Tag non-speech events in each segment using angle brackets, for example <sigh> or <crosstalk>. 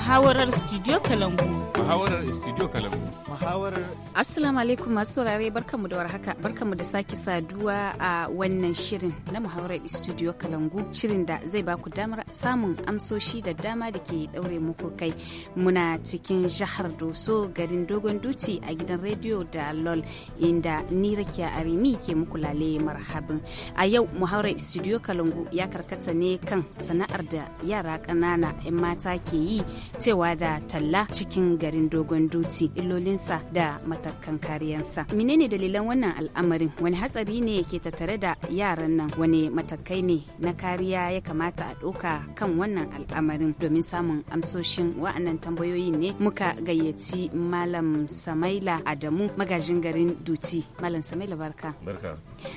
Muhawarar Studio Kalangu. Muhawarar Studio Kalangu. Muhawarar. Assalamu alaikum masu saurare barkamu da warhaka barkamu da sake saduwa a wannan shirin na Muhawarar Studio Kalangu shirin da zai baku damar samun amsoshi da dama da ke daure muku kai muna cikin jihar Doso garin Dogon Duti a gidan rediyo da LOL inda ni Rakiya Arimi ke muku lale marhabin. A yau Muhawarar Studio Kalangu ya karkata ne kan sana'ar da yara ƙanana 'yan mata ke yi cewa da talla cikin garin dogon duti illolinsa da matakan kariyansa menene dalilan wannan al'amarin wani hatsari ne ke tattare da yaran nan wani matakai ne na kariya ya kamata a ɗauka kan wannan al'amarin domin samun amsoshin wa'annan tambayoyin ne muka gayyaci malam samaila adamu magajin garin duti malam samaila barka barka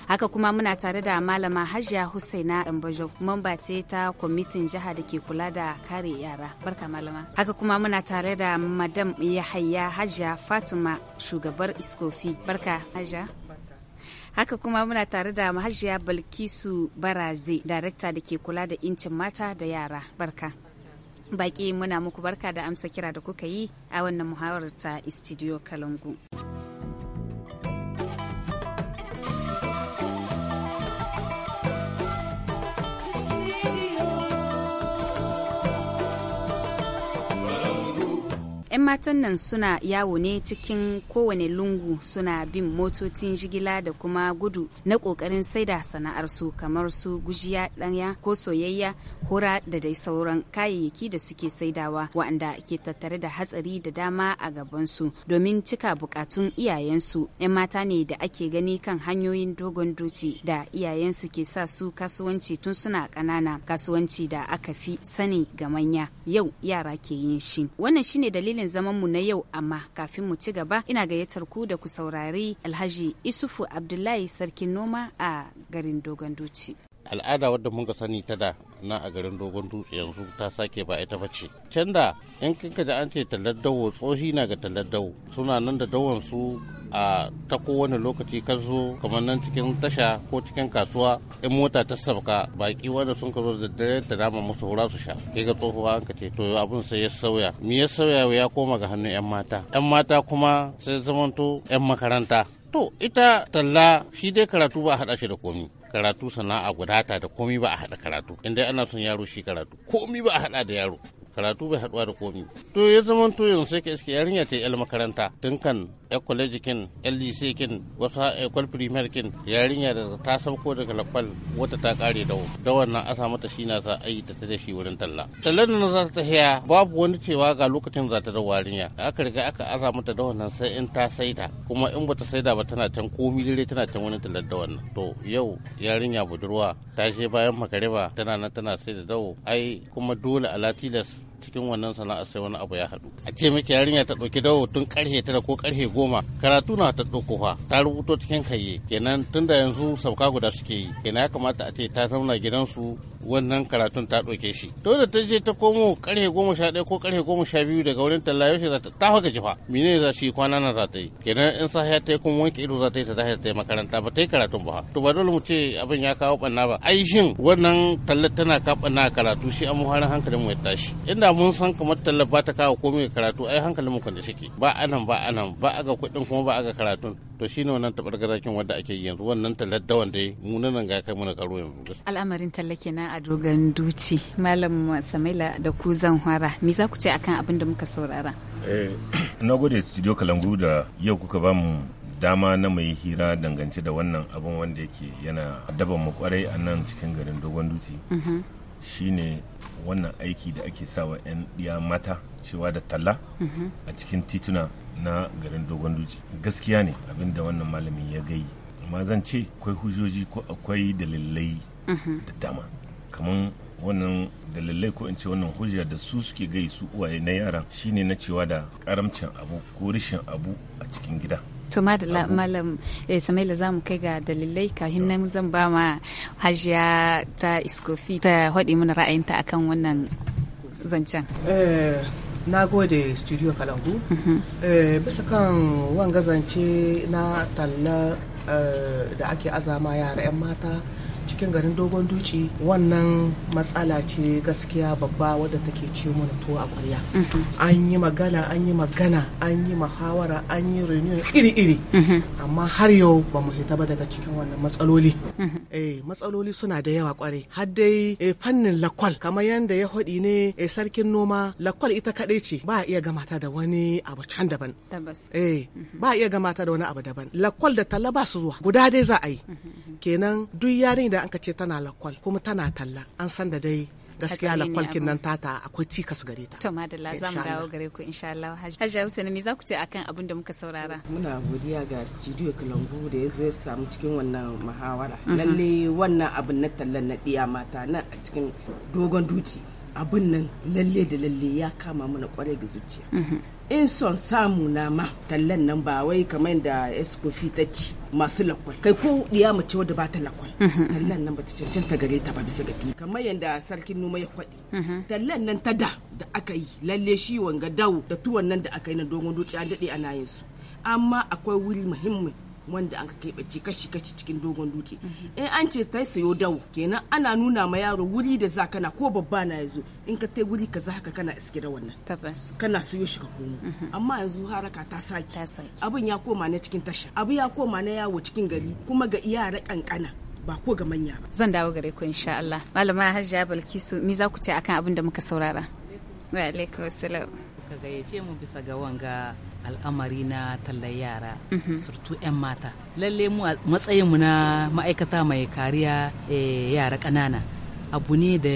haka kuma muna tare da malama hajiya husaina ambajo mamba ce ta kwamitin jiha da ke kula da kare yara barka malama haka kuma muna tare da madam yahaya hajiya fatima shugabar iskofi barka hajiya haka kuma muna tare da mahajiya balkisu baraze darakta da ke kula da incin mata da yara barka baki muna muku barka da amsa kira da kuka yi a wannan muhawarar ta studio kalangu. matan nan suna yawo ne cikin kowane lungu suna bin motocin jigila da kuma gudu na kokarin saida su kamar su gujiya ɗanya ko soyayya hura da dai sauran kayayyaki da suke saidawa waɗanda ke tattare da hatsari da dama a gabansu domin cika bukatun iyayensu 'yan mata ne da ake gani kan hanyoyin dogon doci da iyayensu ke sa su kasuwanci tun suna ƙanana kasuwanci da aka fi sani ga manya yau yara ke yin shi wannan shine dalilin zaman mu na yau amma kafin mu ci gaba ina gayyatar ku da ku saurari Alhaji Isufu Abdullahi sarkin noma a garin Dogon Doci. al'ada wadda mun ka sani ta da na a garin dogon dutse yanzu ta sake ba ita ba ce can da yan kinka da an ce tallar dawo tsohi na ga tallar dawo suna nan da dawon su a ta kowane lokaci kan zo kamar nan cikin tasha ko cikin kasuwa in mota ta sabka baki wanda sun ka zo da dare ta dama musu hura su sha ke ga tsohuwa an ka ce to abun sai ya sauya me ya sauya ya koma ga hannun yan mata yan mata kuma sai zamanto yan makaranta to ita talla shi dai karatu ba a haɗa shi da komi karatu sana'a gudata da komi ba a haɗa karatu inda ana son yaro shi karatu komi ba a haɗa da yaro karatu bai haɗuwa da komi to ya zama to yanzu sai ka iske yarinya ta yi makaranta tun kan yan kwaleji kin ldc kin wata ekwal eh, primer kin yarinya da ta sauko daga lakwal wata ta kare dawo da wannan a samu ta shina za a yi ta ta shi wurin talla talla nan za ta haya babu wani cewa ga lokacin za ta da yarinya aka riga aka aza mata da wannan sai in ta saida kuma in bata saida ba tana can komi dare tana can wani talla da wannan to yau yarinya budurwa ta je bayan makariba tana nan tana saida dawo ai kuma dole ala tilas cikin wannan sana'a sai wani abu ya haɗu a ce miki yarinya ta ɗauki dawo tun karhe tara ko karhe goma karatu na ta ɗauko fa ta rubuto cikin kaye kenan da yanzu sauka guda suke yi kenan ya kamata a ce ta zauna gidansu wannan karatun ta ɗauke shi da ta je ta komo karhe goma sha ɗaya ko karhe goma sha biyu daga wurin talla yaushe za ta ta gaji fa mine za shi kwana na za ta yi kenan in sahiya ta yi kuma wanke ido za ta yi ta tashi ta yi makaranta ba ta yi karatun ba to ba dole mu ce abin ya kawo ɓanna ba ai shin wannan talla tana ka karatu shi an muharin hankalin mu ya tashi inda mun san kamar tallafa ta kawo komai karatu ai hankalin mu da suke ba anan ba anan ba ga kuɗin kuma ba ga karatun to shine wannan garakin wanda ake yanzu wannan tallar da wanda mu nan ga kai muna karo yanzu al'amarin talla kenan a dogon duci malam samaila da ku zan fara me za ku ce akan abin da muka saurara eh <clears throat> na gode studio kalangu da yau kuka ba mu dama na mai hira dangance da wannan abin wanda yake yana daban mu kwarai a nan cikin garin dogon dutse mm-hmm. shine wannan aiki da ake sawa 'yan ɗiya mata cewa da talla mhm. a cikin tituna na garin dogon duci gaskiya ne abin da wannan malami ya gai amma zan ce akwai hujjoji ko akwai dalilai mhm. da dama kamar wannan dalilai ko in ce wannan hujja da su suke gai su uwaye na yara shine na cewa da karamcin abu ko rishin abu a cikin gida to madalla malam eh, samaila za mu kai ga dalilai kafin nan zan ba ma hajiya ta iskofi ta haɗe mana ra'ayinta akan wannan zancen eh, na gode studio kalangu mhm. eh, bisa kan wanga zance na talla da ake azama yara 'yan mata cikin garin dogon duci wannan matsala ce gaskiya babba wadda take ce mana to a ƙwarya mhm. an yi magana an yi magana an yi muhawara an yi reunion iri-iri mhm. amma har yau ba mu hita ba daga cikin wannan matsaloli mhm. eh matsaloli suna da yawa kware har dai eh, fannin lakwal kamar yadda ya haɗi ne eh, sarkin noma lakwal ita kadai ce ba a iya gamata da wani abu can daban eh ba a iya gamata da wani abu daban lakwal da talla ba su zuwa guda dai za a yi kenan duk yarin da an ka tana lakwal kuma tana talla an san da dai gaskiya lakwalkin nan tata akwai cikas gare ta. To madalla za mu dawo gare ku insha Allah. Hajji Hussein me za ku ce akan abin da muka saurara? Muna godiya ga studio Kalangu da ya zo samu cikin wannan muhawara. Mhm. Lalle wannan abin na tallan na ɗiya mata nan a cikin dogon duti. Abin nan lalle da lalle ya kama mana kwarai ga zuciya. Mhm. in eh, son samu na ma tallan nan ba wai kamar da eskofi ta ci masu lakwal kai ko diya mace wadda ba ta lakwal mhm. tallan nan bata cancanta gare ta ba bisa ga kamar yadda sarkin noma ya kwaɗi mhm. tallan nan ta da da aka yi lalle shi wanga dawo da tuwon nan da aka yi na dogon duci an daɗe ana yin su amma akwai wuri muhimmi wanda an ka keɓace kashi-kashi cikin dogon dutse in an ce ta sayo dawo kenan ana nuna ma yaro wuri da za kana ko babba na yazo in ka tai wuri kaza haka kana iske da wannan tabbas kana sayo shi ka komo mhm. amma yanzu haraka ta saki abin ya koma na cikin tasha abu ya koma na yawo cikin gari kuma ga iyara kankana ba ko ga manya ba zan dawo gare ku insha Allah malama Hajiya Balkisu mi za ku ce akan abin da muka saurara wa alaikum assalam ka gayyace mu bisa ga wanga al'amari na tallar yara mhm. surtu 'yan mata lalle mu matsayinmu na ma'aikata mai kariya e, yara ƙanana abu ne da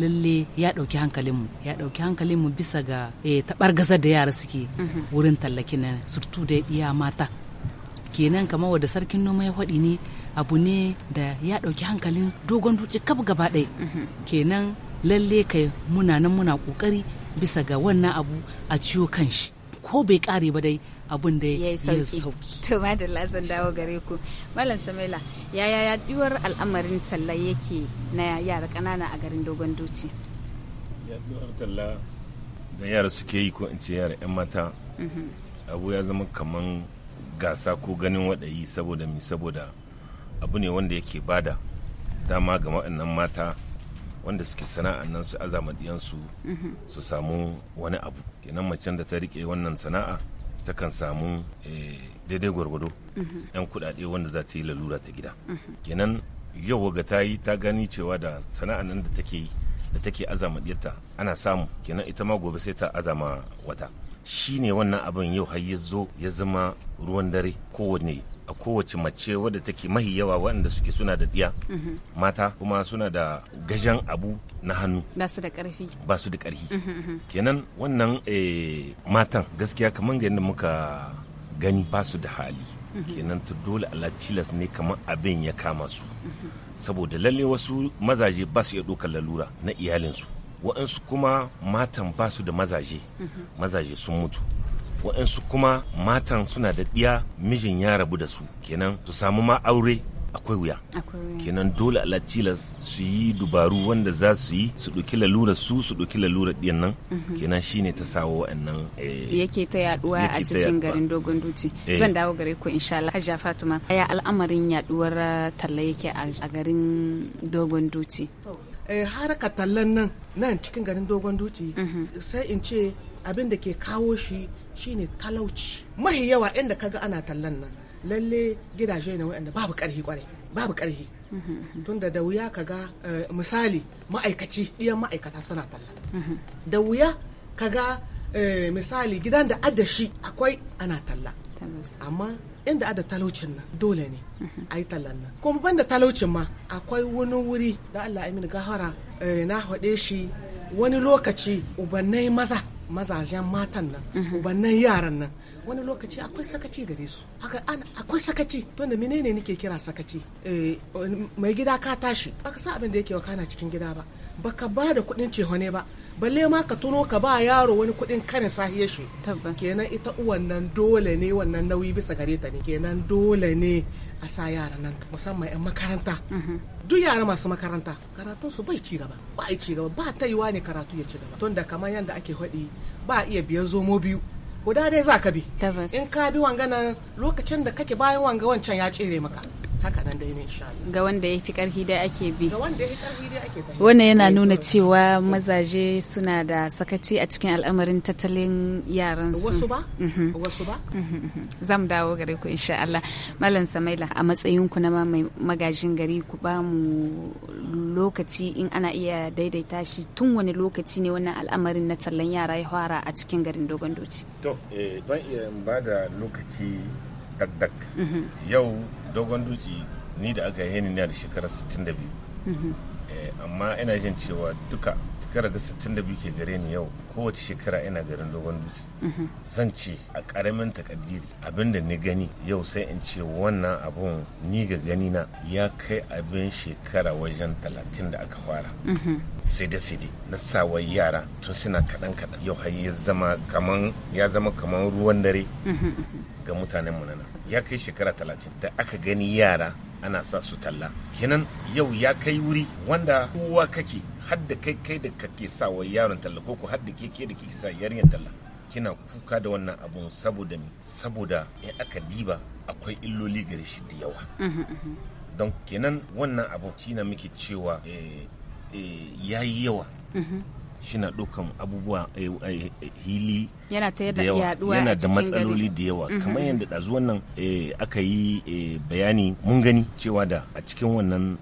lalle ya ɗauki hankalinmu ya ɗauki hankalinmu bisa ga e, taɓar gazar da yara suke mhm. wurin tallakin na surtu da iya mata kenan kamar wadda sarkin noma ya faɗi ne abu ne da ya ɗauki hankalin dogon duci kaf gaba ɗaya mhm. kenan lalle kai muna nan muna ƙoƙari bisa ga wannan abu a ciwo kan shi ko bai kare ba dai abun da ya sauki <laughs> to madalla zan dawo gare ku malam samela yaya yaduwar al'amarin talla yake na yara kanana a garin dogon doci yaduwar talla da yara suke yi ko in ce yara yan mata mhm. abu ya zama kaman gasa ko ganin waɗayi saboda mi saboda abu ne wanda yake bada dama ga waɗannan mata wanda suke sana'an nan su azama mhm. su samu wani abu kenan macen da ta rike wannan sana'a takan samu eh, daidai gwargwado yan kuɗaɗe wanda za ta yi lalura ta gida kenan yau ga ta yi ta gani cewa da sana'a nan da take yi da take azama ɗiyarta ana samu kenan ita ma gobe sai ta azama wata shi ne wannan abin yau har ya zo ya zama ruwan dare kowanne a kowace mace wadda take mahi yawa waɗanda suke suna da diya mhm. mata kuma suna da gajen abu na hannu ba su da ƙarfi ba su da ƙarfi mhm, mhm. kenan wannan eh, matan gaskiya kamar ga yadda muka gani ba su da hali kenan ta dole Allah cilas ne kamar abin ya kama su saboda lalle wasu mazaje ba su iya ɗaukar lalura na iyalinsu waɗansu kuma matan ba su da mazaje mazaje sun mutu waɗansu kuma matan suna da ɗiya mijin ya rabu da su kenan su samu ma aure akwai wuya kenan dole alacilas su yi dubaru wanda za su yi su ɗauki lalura su su ɗauki lalura ɗiyan nan mhm. kenan shine ta sawo wa'annan eh, yake ta yaduwa a cikin garin dogon duti eh. zan dawo gare ku insha Allah Hajiya Fatima ya al'amarin yaduwar uh, talla yake a garin dogon duti eh, haraka tallan nan nan cikin garin dogon duti mhm. sai in ce abin da ke kawo shi Shi ne talauci mahi yawa inda kaga ana tallan nan lalle gidaje ne wa'anda babu karhi kwarai babu karhi tunda da wuya kaga eh, misali ma'aikaci ɗiyan ma'aikata suna talla da wuya kaga eh, misali gidan da adashi akwai ana talla amma inda ada talaucin nan dole ne a yi tallan nan kuma banda talaucin ma akwai wani wuri da Allah amin gahara eh, na haɗe shi wani lokaci ubannai maza mazajen matan nan mhm. ubannan yaran nan wani lokaci akwai sakaci gare su haka ana akwai sakaci tunda menene nake kira sakaci eh, mai gida ka tashi baka sa abin da yake wakana cikin gida ba baka ba da kuɗin ceho ne ba balle ma ka tuno ka ba yaro wani kuɗin karin sahiye shi kenan ita uwan nan dole ne wannan nauyi bisa gare ta ne kenan dole ne a sa yaran nan musamman 'yan makaranta mhm. duk yara masu makaranta karatun su bai ci gaba ba a ci gaba ba ta yiwa ne karatu ya ci gaba tun da kamar yadda ake faɗi ba a iya biyan zomo biyu guda dai za ka bi in ka bi wanga wanganan lokacin da kake bayan wanga wancan ya cire maka haka nan dai insha ga wanda ya fi karfi dai ake bi ga wannan yana eh, nuna cewa mazaje suna da sakaci a cikin al'amarin tattalin yaran su wasu ba mhm. wasu ba mhm, mhm. zam dawo gare ku insha Allah malam Samaila a matsayin ku na mai magajin gari ku ba mu lokaci in ana iya daidaita shi tun wani lokaci ne wannan al'amarin na tallan yara ya fara a cikin garin Dogon Doci to eh, ban iya ba da lokaci dakdak yau dogon dutse ni da aka yi ni da shekara 62 mhm. eh, amma ina jin cewa duka shekara da 62 ke gare ni yau kowace shekara ina garin dogon dutse mhm. zan ce a karamin takaddiri abinda ni gani yau sai in ce wannan abun ni ga gani na ya kai abin shekara wajen 30 da aka fara sai da sai na sawa yara tun suna kaɗan kaɗan yau har ya zama kaman ruwan dare mhm. ga mutanen mu nan ya kai shekara talatin da aka gani yara ana sa su talla kenan yau ya kai wuri wanda kowa kake hadda kai kai da kake sa wa yaron talla ko ku hadda ke ke da kike sa yarinyar talla kina kuka da wannan abun saboda me saboda in aka diba akwai illoli gare shi da yawa mhm, mhm. don kenan wannan abun na muke cewa eh, eh, ya yi yawa mhm. shina ɗaukan abubuwa eh, eh, hili yana yawa yana da matsaloli da yawa mhm. kamar yadda ɗazu wannan eh, aka yi bayani mun gani cewa da a cikin wannan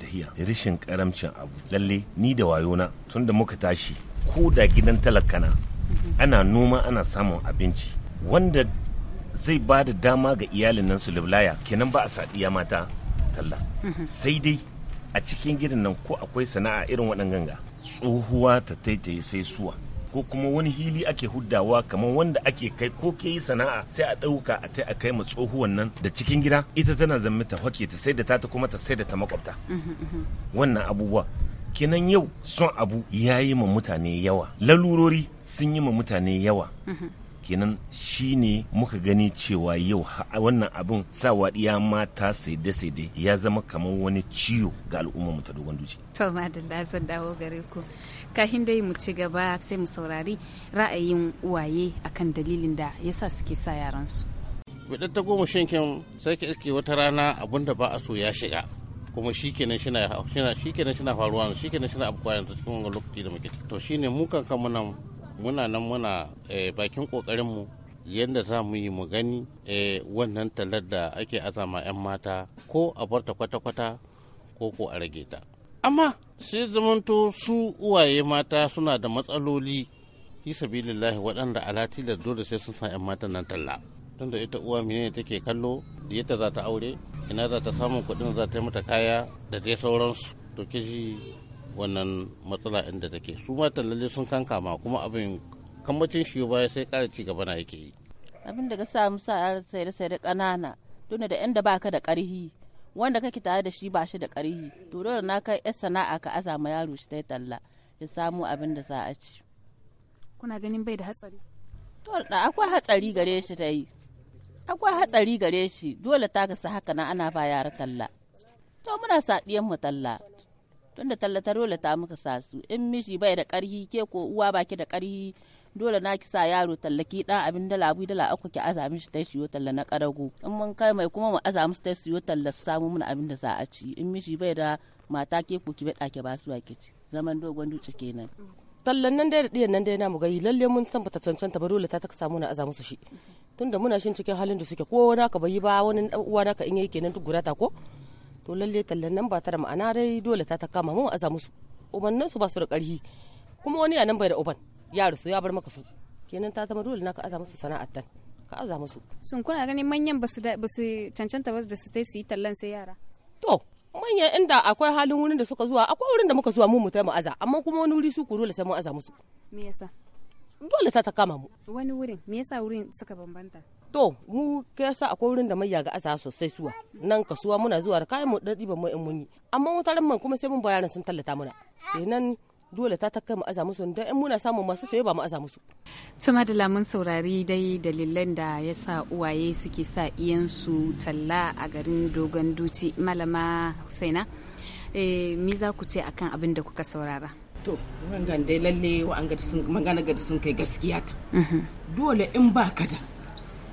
tahiya rashin karamcin abu lalle ni da wayona tun da muka tashi ko da gidan talakana mhm. ana noma ana samun abinci wanda zai ba da dama ga iyalin nan su liblaya kenan ba a sadiya mata talla mhm. sai dai a cikin gidan nan ko akwai sana'a irin waɗannan ganga tsohuwa ta taitaye sai suwa ko kuma wani hili ake huddawa kamar wanda ake kai ko ke yi sana'a sai a ɗauka a tai a kai ma tsohuwan nan da cikin gida ita tana zama ta hake ta sai da ta kuma ta sai da ta makwabta wannan abubuwa kenan yau son abu ya yi ma mutane yawa lalurori sun yi ma mutane yawa kenan shi ne muka gani cewa yau wannan abin sa ɗiya mata saide-saide ya zama kamar wani ciwo ga al'ummar ta dogon duci. To madalla zan dawo gare ku. Kahin dai mu ci gaba sai mu saurari ra'ayin uwaye akan dalilin da sa suke sa yaransu. Bidan ta goma shinkin sai ka iske wata rana abun da ba a so ya shiga. kuma shi kenan shina shikenan shina faruwa shi kenan na abu cikin wani lokaci da muke to shine mu kan kan muna nan muna eh, bakin ƙoƙarinmu yadda za mu yi mu gani eh, wannan talar da ake azama 'yan mata ko a barta kwata-kwata ko ko a rage ta amma sai zamanto su uwaye mata suna da matsaloli fi waɗanda alati da dole sai sun sa 'yan matan nan talla da ita uwa menene take kallo da ita za ta aure ina za ta samun kuɗin za ta yi mata kaya da dai sauransu to kiji wannan matsala inda take su matan lalle sun kankama kuma abin kammacin shi baya sai ƙara ci gaba na yake yi abin da ka sa musa sai da sai da ƙanana tunda da inda baka da ƙarfi wanda kake tare da shi ba shi da ƙarfi to dole na kai yar sana'a ka aza ma yaro shi tai talla ya samu abin da za a ci kuna ganin bai da hatsari to da akwai hatsari gare shi ta yi akwai hatsari gare shi dole ta gasa haka na ana ba yara talla to muna sadiyan mu talla tunda tallata dole ta muka sa su in mishi bai da karhi ke ko uwa baki da karhi dole na ki sa yaro tallaki dan abin dala abu dala aku ki aza mishi ta siyo talla na karago in mun kai mai kuma mu aza musu ta siyo talla su samu mun abin da za a ci in mishi bai da mata ke ko ki bada ke ba su ki ci zaman dogon duce kenan tallan nan dai da diyan nan dai na mu gayi lalle mun san bata cancanta ba dole ta ta samu na aza musu shi tunda muna shin cikin halin da suke ko wani ka bayi ba wani uwa naka in yake kenan duk gurata ko to lalle tallan nan ba ta da ma'ana dai dole ta ta kama mu a musu ubannin su ba su da ƙarfi kuma wani a nan bai da uban ya rasu ya bar maka su kenan ta zama dole na ka aza musu sana'ar ta ka aza musu sun kuna ganin manyan ba su cancanta ba da su tai su yi tallan sai yara to manyan inda akwai halin wurin da suka zuwa akwai wurin da muka zuwa mu mu tai mu aza amma kuma wani wuri su ku dole sai mu aza musu me yasa dole ta ta kama mu wani wurin me yasa wurin suka bambanta to mu ke sa akwai wurin da mayya ga aza sosai suwa nan kasuwa muna zuwa da kayan mu dan diban mu in mun yi amma wata man kuma sai mun bayaran sun tallata muna kenan eh, dole ta takkai mu aza musu dan in muna samun masu soyayya ba mu aza musu to madalla mun saurari dai dalilan da yasa uwaye suke sa iyan su talla a garin dogon duci malama husaina eh mi za ku ce akan abin da kuka saurara to wangan dai lalle an ga sun magana ga sun kai gaskiya ta mhm. dole in ba ka da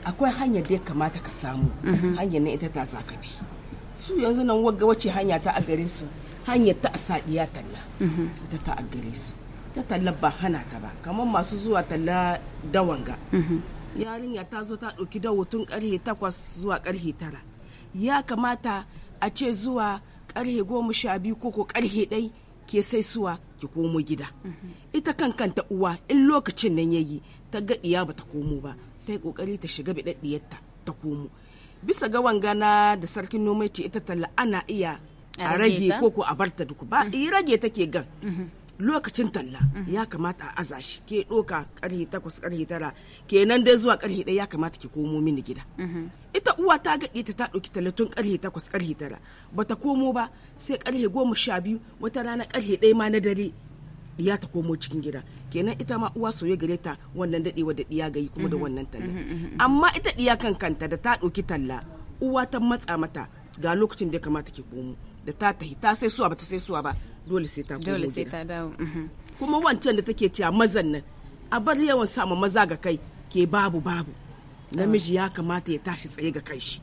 akwai hanyar da ya kamata ka samu mhm. hanyar na ita ta sa ka su yanzu nan wagga wace hanya ta a gare su hanyar ta a ya talla mhm. ita ta a gare su ta talla ba hana ta ba kamar masu zuwa talla dawanga mhm. yarinya ta zo ta ɗauki dawo tun karhe takwas zuwa karhe tara ya kamata a ce zuwa karhe goma sha biyu ko ko karhe ɗai ke sai suwa ki komo gida ita kan kanta uwa in lokacin nan yayi ta ga iya bata komo ba ta yi kokari ta shiga bidaddiyarta ta komo bisa ga wangana da sarkin noma ita talla ana iya a rage ko ko a barta duku ba mm. i rage take gan mm-hmm. lokacin talla mm-hmm. ya kamata a aza shi ke doka karhe takwas karhe tara kenan dai zuwa karhe ɗaya ya kamata ki komo mini gida mm-hmm. ita uwa ta gaɗe ta ta ɗauki talatin karhe takwas karhe tara bata komo ba sai karhe goma sha biyu wata rana karhe ɗaya ma na dare diya ta komo cikin gida kenan ita ma uwa soye gare ta wannan dadewa da diya gayi kuma da mhm. wannan talla mhm, mhm, amma ita diya kan kanta da ta ɗauki talla uwa ta matsa mata ga lokacin da kamata ke komo da ta tahi ta sai suwa ba ta sai suwa ba dole sai ta komo gida kuma wancan da take cewa mazan nan a bar yawan sama maza ga kai ke babu babu namiji ya kamata ya tashi tsaye ga kai shi.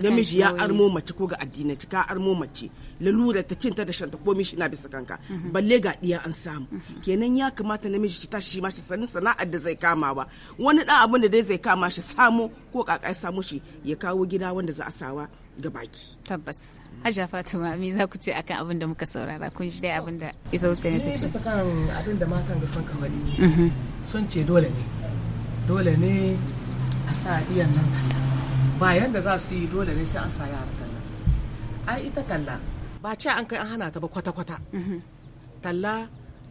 namiji ya armo mace ko ga addini ka armo mace lalura ta cinta da shanta komai shi na bisa kanka mhm. balle ga diya an samu mhm. kenan ya kamata namiji shi tashi ma shi sanin sana'ar da zai kama ba wani dan abin da dai zai kama shi samu ko kaka ya samu shi ya kawo gida wanda za a sawa ga baki tabbas Hajja Fatima me za ku ce akan abin da muka saurara kun ji dai abin da ita Hussein ta ce. Bisa kan abin da matan ga son kamari. Mhm. Son ce dole ne. Dole ne a sa iyan nan ba da za su yi dole ne sai an sa yara kalla ai ita talla ba ce an kai an hana ta ba kwata-kwata mhm. talla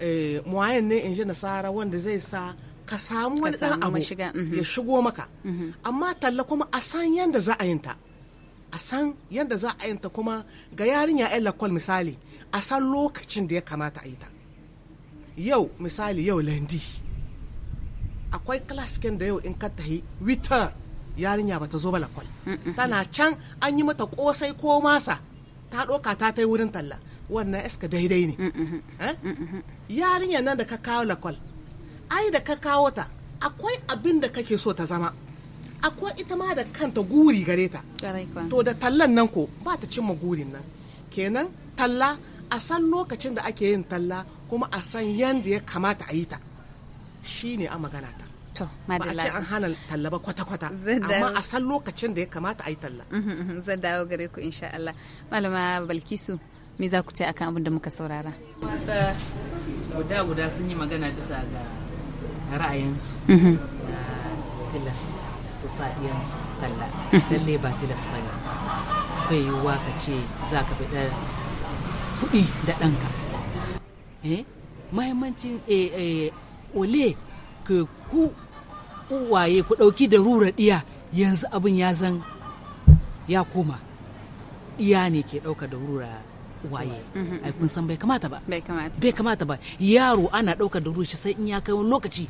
eh, muwayan ne in ji nasara wanda zai sa ka samu wani dan abu mhm. ya shigo maka mhm. amma talla kuma a san yanda za a yin ta, a san yanda za a yin ta kuma ga yarinya ya lakwal misali a san lokacin da ya kamata a yi ta yau misali yau lendi akwai klasikin da yau in ka tahi witar yarinya bata zo ba lakwal tana can an yi mata kosai ko masa ta ɗoka ta tai wurin talla wannan iska daidai ne eh? yarinya nan da ka kawo lakwal ai da ka kawo ta akwai abin da kake so ta zama akwai ita ma da kanta guri gare ta to da tallan nan ko ba ta cimma gurin nan kenan talla a san lokacin da ake yin talla kuma a san yadda ya kamata a yi ta shi ne a magana ta To, madalla. Ba a ce an hana talla ba kwata-kwata. Amma a san lokacin da ya kamata a yi talla. Mhm, mhm, Zan dawo gare ku insha Allah. Malama Balkisu, me za ku ce akan abin da muka saurara? guda guda sun yi magana bisa ga ra'ayinsu. Mhm. Tilas su sa iyansu talla. Lalle ba tilas ba ne. Bai yiwuwa ka ce za ka fi kuɗi da ɗanka. Eh? Mahimmancin eh, eh, ole ke ku uwaye ku ɗauki da rura ɗiya yanzu abin ya zan ya koma ɗiya ne ke ɗauka da rura waye mhm. ai kun san bai kamata ba bai kamata ba yaro ana ɗauka da rura shi sai in ya kai wani lokaci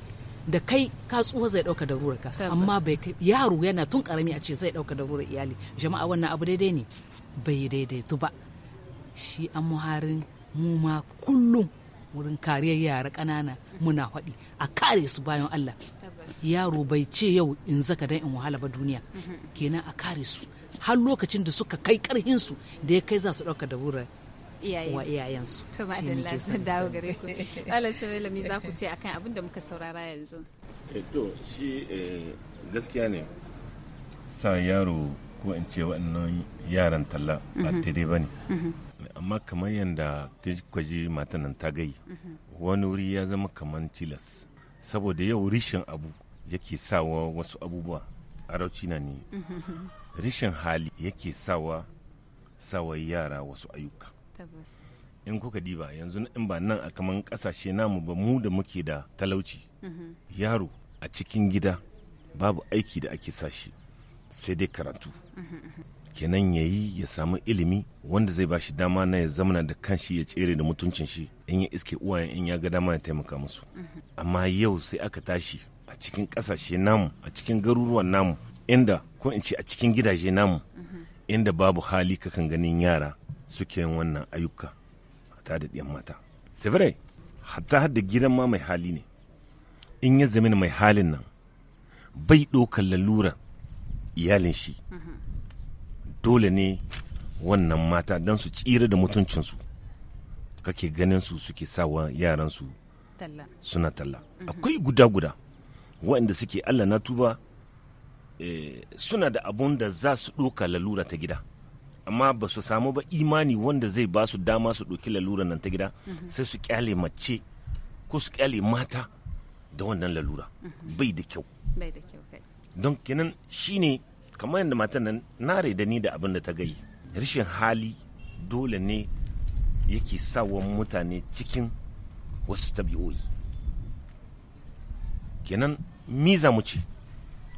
da kai ka tsuwa zai dauka da ka. amma bai yaro yana tun karami a ce zai dauka da rura iyali jama'a wannan abu daidai ne bai tu ba shi an muharin mu ma kullum wurin kariyar yara ƙanana muna faɗi a kare su bayan Allah yaro bai ce yau in zaka dan in wahala ba duniya mm-hmm. kenan a kare su har lokacin da suka kai karhin su da ya kai za su ɗauka da wurin wa iyayensu to ba da lafiya dawo gare ku <laughs> Allah sai lami za ku ce akan abin da muka saurara yanzu eh, to shi eh, gaskiya ne sa yaro ko in ce waɗannan yaran talla ba mm-hmm. daidai ba ne mm-hmm. amma kamar yadda kwaji matanan ta gai wani wuri ya zama kamar tilas saboda yau rishin abu yake sawa wasu abubuwa arauci na ne <laughs> rishin hali yake sawa sawa yara wasu ayyuka in kuka diba yanzu in ba nan a kamar kasashe namu ba mu da muke da talauci mm-hmm. yaro a cikin gida babu aiki da ake sashi sai dai karatu kenan ya yi ya samu ilimi wanda zai ba shi dama na ya zamana da kanshi ya tsere da mutuncin shi in ya iske uwayen in ya ga dama ya taimaka musu amma yau sai aka tashi a cikin kasashe namu a cikin garuruwan namu inda ko in ce a cikin gidaje namu inda babu hali kakan ganin yara suke yin wannan ayyuka ta da ɗiyan mata sevire hatta hadda gidan ma mai hali ne in ya zamana mai halin nan bai ɗaukar lalura iyalin shi dole ne wannan mata don su tsira da mutuncinsu kake ganin su suke sawa yaransu suna talla mhm. akwai guda-guda waɗanda suke allah na tuba eh, suna da abun da za su ɗoka lalura ta gida amma ba su samu ba imani wanda zai ba su dama su ɗoki lalura nan ta gida mhm. sai su kyale mace ko su kyale mata da wannan lalura mhm. bai da kyau don kenan shine kamar yadda matan nan na da ni da abin da ta gai rashin hali dole ne yake sawa mutane cikin wasu tabi'oyi kenan miza mu ce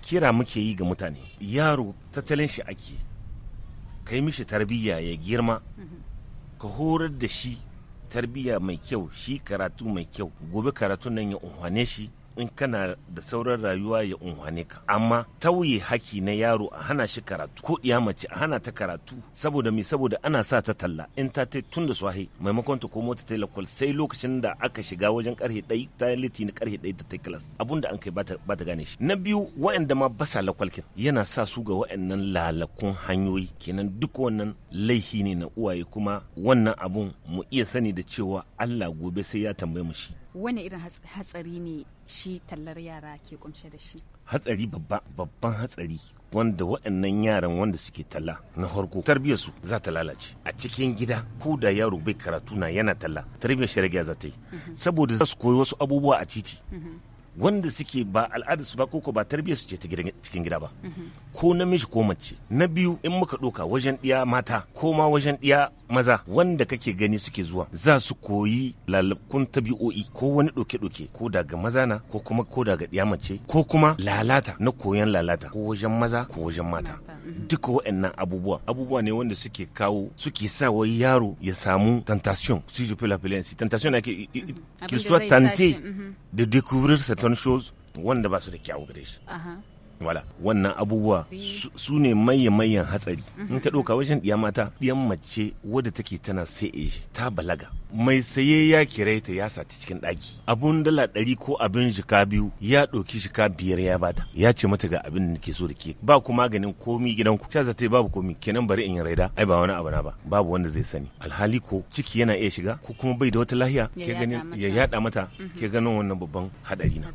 kira muke yi ga mutane yaro tattalin shi ake kai mishi tarbiyya ya girma ka horar da shi tarbiyya mai kyau shi karatu mai kyau gobe karatu nan ya unhwane shi in kana da sauran rayuwa ya unhwane ka amma tauye haki na yaro a hana shi karatu ko iya mace a hana ta karatu saboda me saboda ana sa ta talla in ta tai tun da swahi maimakon ta komo ta telekol sai lokacin da aka shiga wajen karhe ɗai ta liti na karhe ɗai ta kilas abun da an kai ba ta gane shi na biyu wa'anda ma basa lakwalkin yana sa su ga wa'annan lalakun hanyoyi kenan duk wannan laihi ne na uwaye kuma wannan abun mu iya sani da cewa Allah gobe sai ya tambaye mu shi wani irin hatsari ne shi tallar yara ke kunshe da shi hatsari babban hatsari wanda waɗannan yaran wanda suke talla na harko tarbiyarsu za ta lalace a cikin gida ko da yaro bai karatu na yana talla tarbiyar shari'a za ta yi mhm. saboda za su koyi wasu abubuwa a titi mhm. wanda suke ba al'adar su ba koko ba tarbiyyar su ce ta cikin gida ba mhm. ko namiji ko mace na biyu in muka doka wajen ɗiya mata ko ma wajen ɗiya maza wanda kake gani suke zuwa za su koyi lalakun tabi'o'i ko wani doke-doke ko daga maza na ko kuma ko daga mace ko kuma lalata na koyan lalata ko wajen maza ko wajen mata mm-hmm. duka wa'annan abubuwa abubuwa ne wanda suke kawo suke sa wa yaro ya samu tentation su ji peux l'appeler tentation na ke mm-hmm. soit tante mm-hmm. de découvrir certaines shows wanda ba su da kyawu gare shi wala wannan abubuwa su ne maye mayan hatsari in ka ɗauka wajen ɗiya mata ɗiyan mace wadda take tana sai ta balaga mai saye ya kira ta ya sati cikin ɗaki abun dala ɗari ko abin jika biyu ya ɗauki jika biyar ya bata ya ce mata ga abin da ke so da ke ba ku maganin komi gidanku ta zata babu komi kenan bari in yi raida ai ba wani abu na ba babu wanda zai sani alhali ko ciki yana iya shiga ko kuma bai da wata lahiya ke ganin ya yada mata mhm. ke ganin wannan babban haɗari na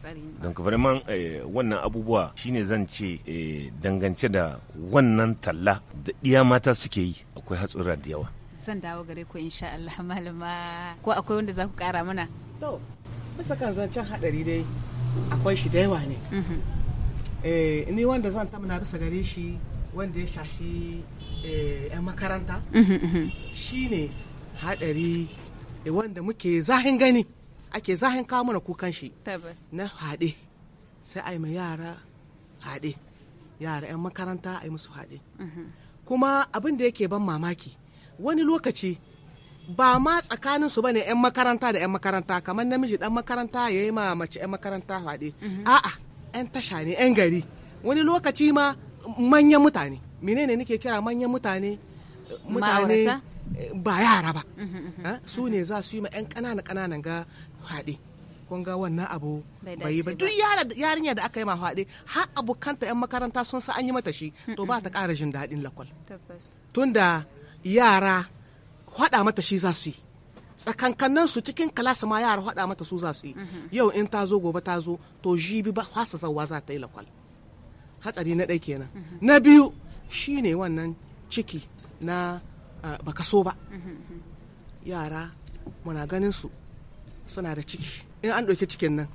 don ka man eh, wannan abubuwa shine zan kasance eh, dangance da wannan talla da iya mata suke yi akwai hatsura da yawa zan dawo gare ku insha Allah <laughs> malama ko akwai wanda za ku kara mana to bisa kan zancen hadari dai akwai shi da yawa ne mhm. eh, ni wanda zan tamana bisa gare shi wanda ya shafi 'yan eh, makaranta mhm, mhm. shine hadari wanda muke zahin gani ake zahin kawo mana kukan shi na haɗe sai a yi ma yara haɗe yara 'yan makaranta a yi musu haɗe mhm. kuma abin da yake ban mamaki wani lokaci ba ma tsakanin su bane 'yan makaranta da 'yan makaranta kamar namiji dan makaranta ya yi ma mace 'yan makaranta haɗe mhm. a'a 'yan tasha ne 'yan gari wani lokaci ma manyan mutane menene nake kira manyan mutane mutane ba yara ba mhm, ah, su ne za su yi ma 'yan ƙananan ƙananan ga haɗe kun ga wannan abu bai ba duk yarinya da aka yi ma faɗi har abokanta 'yan makaranta sun sa an yi mata shi to ba ta ƙara jin daɗin lakwal tunda yara faɗa mata shi za su yi tsakankanin su cikin kalasa ma yara faɗa mata su za su yi mhm. yau in ta zo gobe ta zo to jibi ba fasa zawa za ta yi lakwal hatsari na ɗai kenan mhm. na biyu shine wannan ciki na ah, baka so ba mhm, yara muna ganin su suna da ciki in an ɗauki cikin nan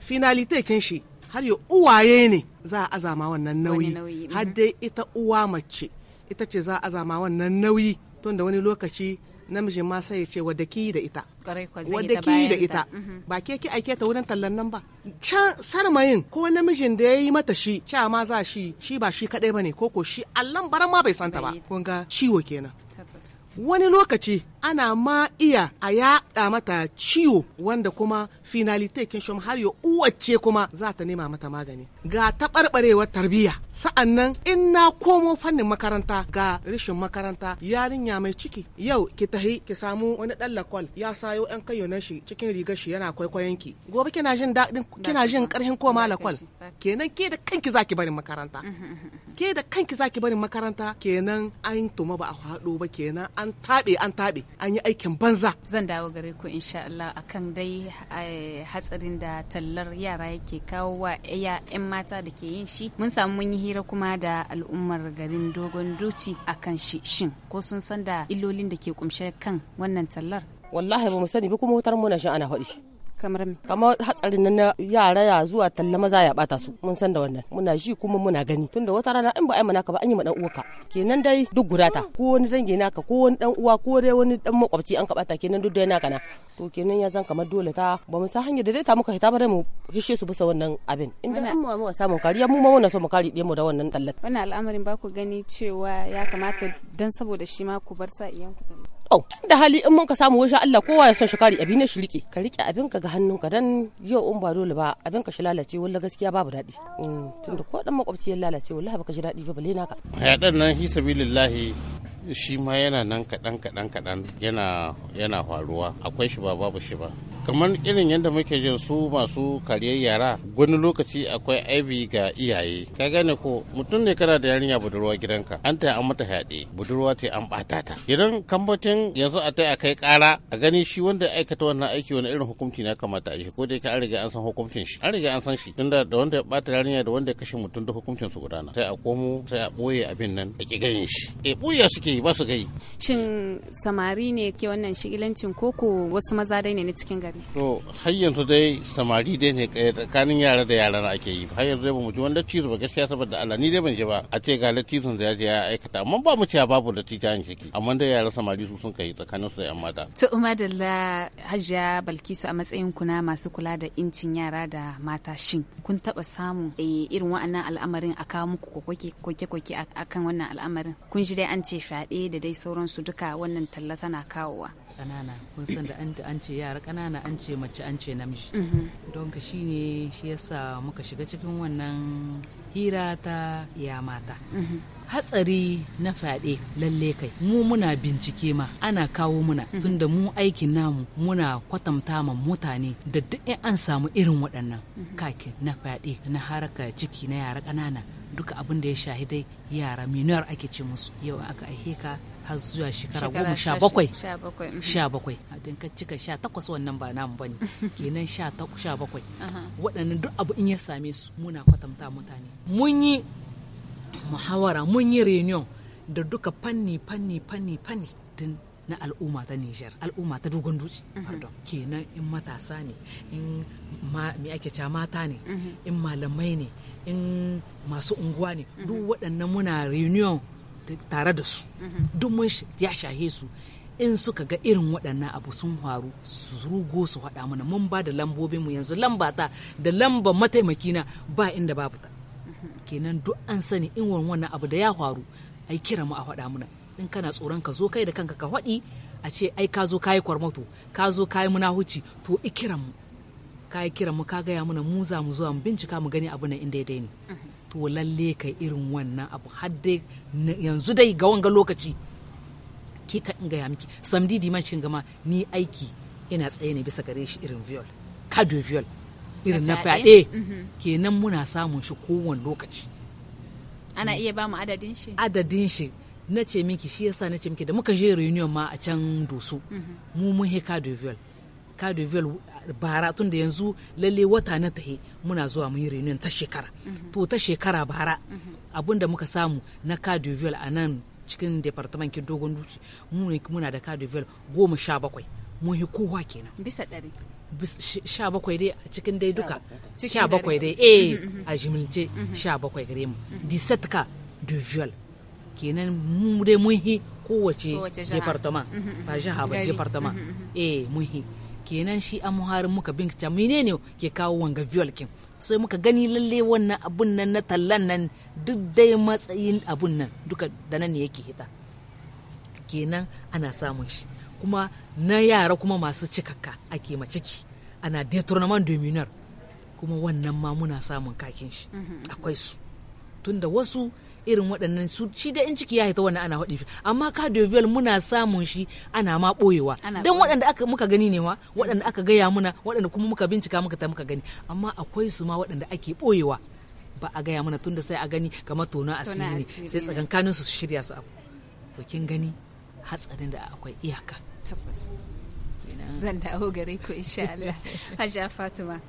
finalite kin shi har ya uwaye ne za a azama wannan nauyi mhm. har dai ita uwa mace ita ce za a azama wannan nauyi tun da wani lokaci namijin ma sai ya ce wadda ki da ita wadda ki da ita mhm. ba ke ki aike ta wurin tallan nan ba can sarmayin ko namijin da ya yi mata shi ca ma za shi shi ba shi kadai bane ko ko shi allan baran ma bai santa ba kun ga ciwo kenan wani lokaci ana ma iya a yaɗa mata ciwo wanda kuma finalite kin shum har ya uwace kuma za ta nema mata magani ga taɓarɓarewar tarbiyya sa'annan in na komo fannin makaranta ga rashin makaranta yarinya mai ciki yau ki tahi ki samu wani ɗan lakwal ya sayo yan kayo na shi cikin rigar shi yana kwaikwayon ki gobe kina jin daɗin kina jin ƙarfin koma lakwal kenan ke da kanki zaki barin makaranta <laughs> ke da kanki zaki barin makaranta kenan an tuma ba a haɗu ba kenan an taɓe an taɓe an yi aikin banza zan dawo gare ku insha Allah akan dai eh, hatsarin da tallar yara yake kawo wa 'yan mata da ke yin shi mun samu mun yi hira kuma da al'ummar garin dogon doci a kan shi shin ko sun san da illolin da ke kumshe kan wannan tallar wallahi ba mu sani ba kuma hutar muna shi ana haɗi. kamar me kamar hatsarin na yara ya zuwa talla maza ya bata su mun san da wannan muna shi kuma muna gani tunda wata rana in ba ai mana ka ba an yi ma dan ka. kenan dai duk gurata ko wani dangi naka ko wani dan uwa ko dai wani dan makwabci an ka bata kenan duk dai naka na to kenan ya zan kamar dole ta ba mu san hanyar da dai ta muka hita dai mu hishe su bisa wannan abin inda mu mu samu kariya mu ma muna so mu kare mu da wannan tallat wannan al'amarin ba ku gani cewa ya kamata dan saboda shi ma ku bar sa iyan ku Oh. da hali in mun ka samu wajen Allah kowa ya son shi kare abin shi rike ka rike abin ka ga hannun ka dan yau in ba dole ba abin ka shi lalace walla gaskiya babu daɗi mm, tunda ko dan makwabci ya lalace wallahi baka ji daɗi ba balle naka dan nan hi sabilillahi shi ma yana nan kadan kaɗan kaɗan yana yana faruwa akwai shi ba babu shi ba kamar irin yadda muke jin su masu kariyar yara wani lokaci akwai aibi ga iyaye ka gane ko mutum ne kana da yarinya budurwa gidanka an ta an mata haɗe budurwa ce an ɓata ta idan kambacin yanzu a ta kai ƙara a gani shi wanda ya aikata wannan aiki wani irin hukunci na kamata a shi ko da yake an riga an san hukuncin shi an riga an san shi tunda da wanda ya ɓata yarinya da wanda ya kashe mutum da hukuncin su gudana sai a komo sai a ɓoye abin nan a ki gani shi e eh, ɓoye suke yi ba su gai. shin samari ne ke wannan shigilancin koko wasu maza dai ne na cikin gari. gari to har yanzu dai samari dai ne tsakanin yara da yaran ake yi har yanzu dai mu ji wanda cizo ba gaskiya saboda Allah ni dai ban ji ba a ce ga latizon da ya aikata amma ba mu cewa babu latija an ciki amma dai yaran samari su sun kai tsakanin su da yan mata to umadalla hajiya balkisu a matsayin kuna masu kula da incin yara da mata shin kun taba samu. Eh, irin wa'annan al'amarin a kawo muku koke-koke akan wannan al'amarin kun ji dai an ce fyaɗe da dai sauransu duka wannan talla tana kawowa kanana kun san da an ce yara kanana an ce mace an ce namiji mm-hmm. don ka ne shi yasa muka shiga cikin wannan hira ta ya mata mm-hmm. hatsari na fyaɗe lalle kai mu muna bincike ma ana kawo muna mm-hmm. tunda mu aikin namu muna kwatanta ma mutane da duk an samu irin waɗannan kaki na fyaɗe na haraka ciki na yara ƙanana duka abin da ya shahi dai yara minor ake ce musu yau aka aiheka ka har zuwa shekara goma sha bakwai sha bakwai mm-hmm. don ka cika sha takwas wannan ba namu bane <laughs> kenan sha sha bakwai uh-huh. waɗannan duk abu in ya same su muna kwatanta mutane mun yi muhawara mun yi reunion da duka fanni fanni fanni fanni din na al'umma ta Niger al'umma ta dogon dutse mm-hmm. pardon kenan in matasa ne in me ake cewa mata ne mm-hmm. in malamai ne in masu unguwa ne duk waɗannan muna reunion tare da su duk mun ya shahe su in suka ga irin waɗannan abu sun faru su rugo su haɗa mana mun ba da lambobin mu yanzu lamba ta da lamba mataimaki na ba inda babu ta kenan duk an sani in wannan abu da ya faru ai kira mu a faɗa mana in kana tsoron ka zo kai da kanka ka faɗi a ce ai ka zo kayi kwarmato ka zo kayi munahuci to ikiran mu kayi kiran mu ka gaya mana mu za mu zuwa mu bincika mu gani abu na inda ya daini to lalle ka irin wannan abu har dai yanzu dai ga wanga lokaci ke ka inga ya miki samdi diman gama ni aiki ina tsaye ne bisa gare shi irin viol kado viol irin na fyaɗe mhm. kenan muna samun shi kowane lokaci ana iya ba mu adadin shi adadin shi na ce miki shi yasa na ce miki da muka je reunion ma a can dusu mhm. mu mun he card viol card viol bara tun da yanzu lalle wata na tahe muna zuwa mun yi reunion ta shekara mhm. to ta shekara bara mhm. abun da muka samu na cardioville a nan cikin kin dogon duci muna da cardioville goma sha bakwai mun yi kowa kenan bisa ɗari sha bakwai dai a cikin dai duka sha bakwai dai eh mhm, a jimilce sha bakwai gare mu disset ka de viol kenan mu dai mun yi kowace departement ba jiha ba departement eh mun yi kenan shi a muhari muka bincika menene ke kawo wanga viol sai muka gani lalle wannan abun nan na tallan nan duk dai matsayin abun nan duka da nan ne yake hita kenan ana samun shi kuma na yara kuma masu cikakka ake ma ciki ana detournement dominar kuma wannan ma muna samun kakin shi mhm. akwai su tunda wasu irin waɗannan su shi da in ciki ya haita wannan ana haɗe amma ka muna samun shi ana ma ɓoyewa don waɗanda aka muka gani ne ma waɗanda aka gaya muna waɗanda kuma muka bincika muka ta muka gani amma akwai su ma waɗanda ake ɓoyewa ba a gaya mana tunda sai a gani kamar tona asiri ne sai tsakankanin su shirya su abu to kin gani hatsarin da akwai iyaka tabbas zan dawo gare ku insha Allah <laughs> Hajja Fatima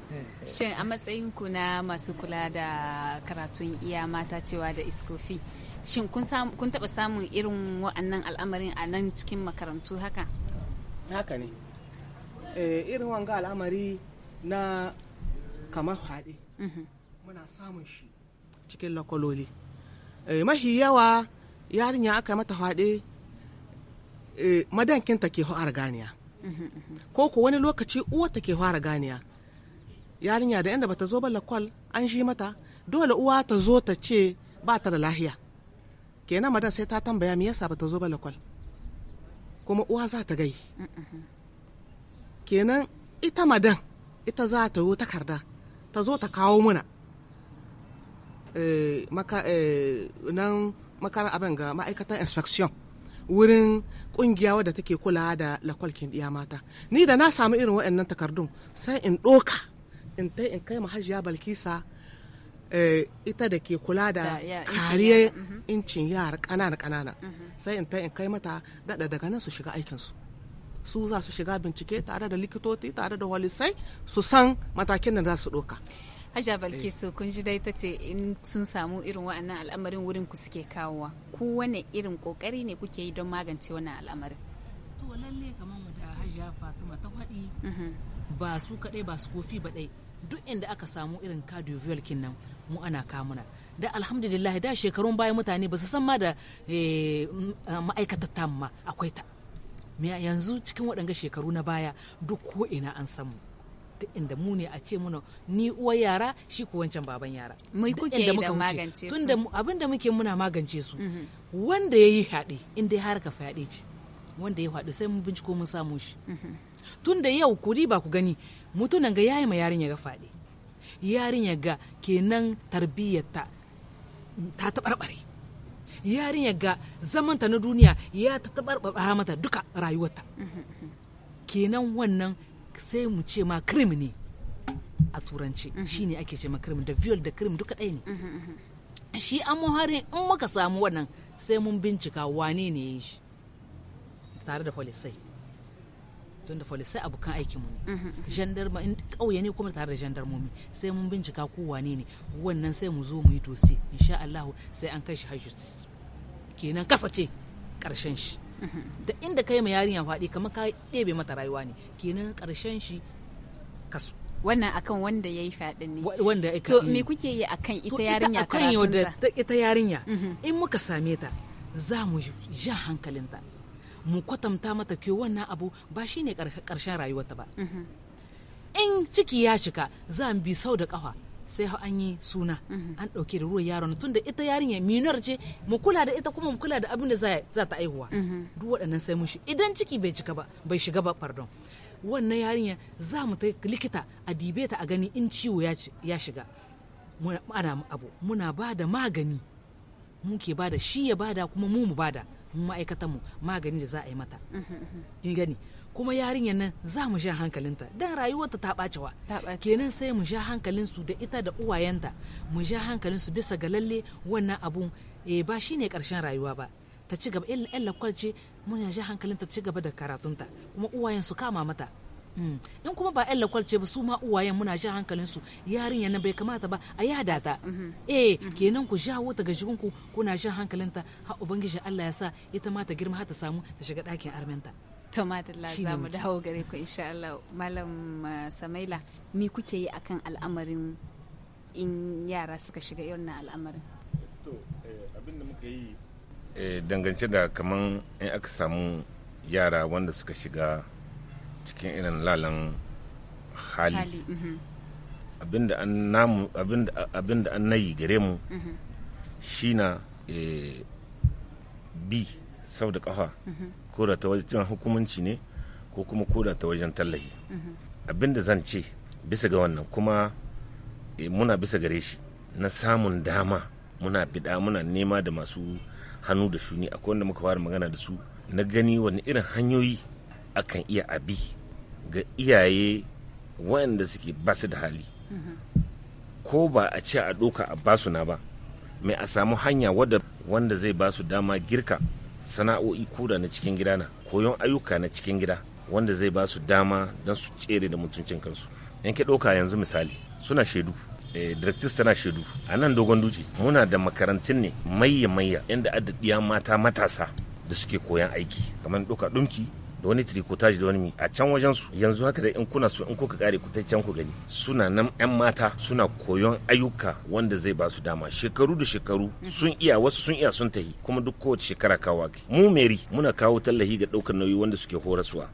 shin a matsayin ku na masu kula da karatun iya mata cewa da iskofi shin kun taba samun irin wa'annan al'amarin a nan cikin makarantu haka haka ne eh, irin wanga al'amari na kamar haɗe mhm. muna samun shi cikin lakololi eh, mahi yawa yarinya aka mata haɗe eh, madankinta ke ho'ar ganiya ko ko wani lokaci uwa ta ke fara ganiya yarinya da inda bata zo ba lakwal an shi mata dole uwa ta zo ta ce ba ta da lahiya kenan madan sai ta tambaya me yasa bata zo ba lakwal kuma uwa za ta gai kenan ita madan ita za ta yi takarda ta zo ta kawo muna eh, eh, nan makarar abin ga ma'aikatan inspection wurin kungiya wadda take kulawa da lakwalkin ɗiya mata ni da na samu irin waɗannan takardun sai in ɗoka in ta in kai hajiya balkisa eh, ita da ke kula da kariya mhm. incin yara ƙanana ƙanana mhm. sai in ta in kai mata daɗa daga nan su shiga aikinsu su za su shiga bincike tare da likitoci tare da walisai su san matakin da za su ɗoka Hajja Balkisu eh. kun ji dai ta ce in sun samu irin wa'annan al'amarin wurin ku suke kawowa. Ku wane irin kokari ne kuke yi don magance wannan al'amarin? To lalle kamar da Fatima ta faɗi mhm. ba su kaɗai ba su kofi ba ɗai duk inda aka samu irin cardio viol nan mu ana kamuna. Da alhamdulillah da shekarun baya mutane ba su san ma da eh, ma'aikatar ma akwai ta. yanzu cikin waɗanga shekaru na baya duk ko ina an samu. duk inda mu ne a ce muna ni uwa yara shi ku wancan baban yara da magance su abin da muke muna magance su mhm. wanda ya yi haɗe inda ya harka fyaɗe ce wanda ya haɗe sai mun binciko mun samu shi mhm. tunda yau ku ba ku gani mutunan ga yayi ma yarin ya ga faɗe yarin ya ga kenan tarbiyyarta ta taɓarɓare yarinya ga zamanta na duniya ya ta taɓarɓara mata duka rayuwarta mhm, kenan wannan sai mu ce ma krim ne a turanci mhm. shi ne ake ce ma krim da viol da krim duka ɗaya ne mhm, mhm, shi amohari in muka samu wannan sai mun bincika wane ne ya yi shi tare da polisai don da polisai abokan aikinmu ne gendarma in ƙauye ne kuma tare da gendarmomi sai mun bincika ko wane ne wannan sai mu zo mu yi dosi insha Allah sai an kai shi har justice kenan kasace ƙarshen shi da inda kai ma yarinya faɗi kamar ka ɗebe mata rayuwa ne kenan ƙarshen shi kasu wannan akan wanda ya yi fadin ne wanda ya to me kuke yi akan ita yarinya akan yadda ita yarinya mhm. in muka same ta za mu ja hankalinta mu kwatanta mata ke wannan abu ba shine karshen rayuwarta ba mhm. in ciki ya cika za mu bi sau da kafa sai an yi suna mhm. an ɗauki da ruwan yaron tunda ita yarinya minor ce mu kula da ita kuma mu kula da abin da za ta aihuwa mhm. duk waɗannan sai mushi idan ciki bai cika ba bai shiga ba pardon wannan yarinya za mu ta likita a dibe ta a gani in ciwo ya shiga ana abu muna ba da magani mu ke ba da shi ya bada kuma mu mu bada mu mu magani da za a yi mata mhm, gani kuma yarinyar nan za mu sha hankalinta dan rayuwarta ta bacewa. kenan sai mu sha hankalinsu da ita da uwayenta mu sha hankalinsu bisa ga lalle wannan abun e, ba shine ƙarshen rayuwa ba ta ci gaba illa illa kwalce mun sha hankalinta ci gaba da karatunta kuma uwayen su kama mata mm. in kuma ba illa kwalce ba su ma uwayen muna sha hankalinsu yarinyar nan bai kamata ba a yada ta mm-hmm. eh mm-hmm. kenan ku jawo ta ga jikinku kuna sha hankalinta ha ubangiji Allah ya sa ita ma ta girma ha ta samu ta shiga ɗakin armenta to madalla za mu dawo gare ku insha Allah malam eh, Samaila me kuke yi akan al'amarin in yara suka shiga irin al'amarin to eh, abin da muka yi eh, dangance da kaman in aka samu yara wanda suka shiga cikin irin lalan hali mhm. abin da an nayi gare mu mhm. shi na bi sau da kafa mhm. ko da ta wajen hukumanci ne ko kuma ko da ta wajen tallahi abin da zan ce bisa ga wannan kuma eh, muna bisa gare shi na samun dama muna fida muna nema da masu hannu da shuni akwai wanda muka fara magana da su na gani wani irin hanyoyi akan iya abi ga iyaye waɗanda suke ba su da hali ko ba a ce a ɗoka a basu na ba mai a samu hanya wadda wanda zai ba su dama girka sana'o'i kura na cikin gida na koyon ayyuka na cikin gida wanda zai ba su dama don su tsere da mutuncin kansu in ka ɗauka yanzu misali suna shaidu eh, directors tana shaidu a nan dogon dutse muna da makarantun ne mayya mayya inda adadiya mata matasa da suke koyon aiki kamar ɗauka ɗunki. da wani tricotage da wani mi. a can wajen su yanzu haka da in kuna so in kuka kare ku ta can ku gani suna nan yan mata suna koyon ayyuka wanda zai ba su dama shekaru da shekaru sun iya wasu sun iya sun tahi kuma duk kowace shekara kawo ake mu meri muna kawo tallahi ga daukar nauyi wanda suke horaswa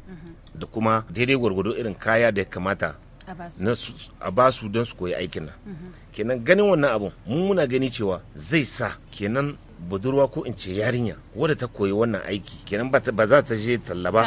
da kuma daidai gwargwado irin kaya da ya kamata a ba su don su koyi aikin nan mhm. kenan ganin wannan abun mu muna gani cewa zai sa kenan budurwa ko in ce yarinya wadda ta koyi wannan aiki kenan ba za ta je talla ba